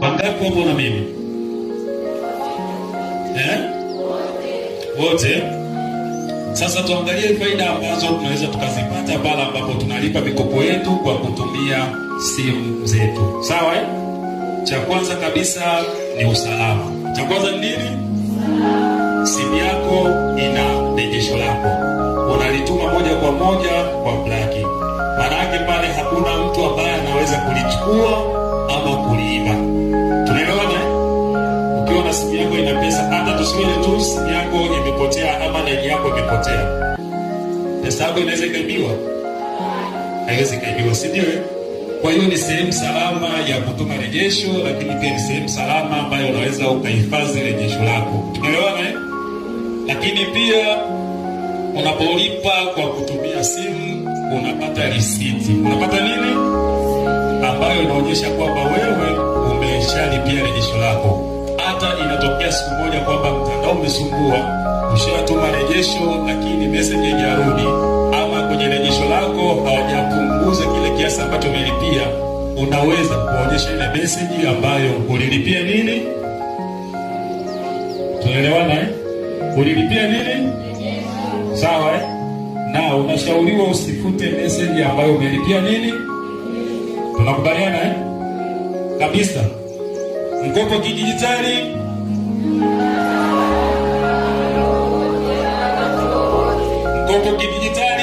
Wangapi wapo na mimi eh? Wote. Sasa tuangalie faida ambazo tunaweza tukazipata pale ambapo tunalipa mikopo yetu kwa kutumia simu zetu, sawa eh? Cha kwanza kabisa ni usalama. Cha kwanza ni nini? Simu yako ina rejesho lako, unalituma moja kwa moja kwa plaki, maana pale hakuna mtu ambaye anaweza kulichukua vile tu simu yako imepotea ama laini yako imepotea, pesa yako inaweza ikaibiwa? Haiwezi ikaibiwa, si ndio? Eh? Kwa hiyo ni sehemu salama ya kutuma rejesho, lakini pia ni sehemu salama ambayo unaweza ukahifadhi rejesho lako. Tunaelewana eh? Lakini pia unapolipa kwa kutumia simu unapata risiti. Unapata nini? Ambayo inaonyesha kwamba wewe umeshalipia rejesho lako. Hata inatokea siku moja kwamba mtandao umesumbua, ushatuma rejesho, lakini message haijarudi, ama kwenye rejesho lako hawajapunguza kile kiasi ambacho umelipia, unaweza kuonyesha ile message ambayo ulilipia nini. Tunaelewana eh? Ulilipia nini? Sawa eh? Na unashauriwa usifute message ambayo umelipia nini. Tunakubaliana eh? Kabisa mkopo kidijitali mkopo kidijitali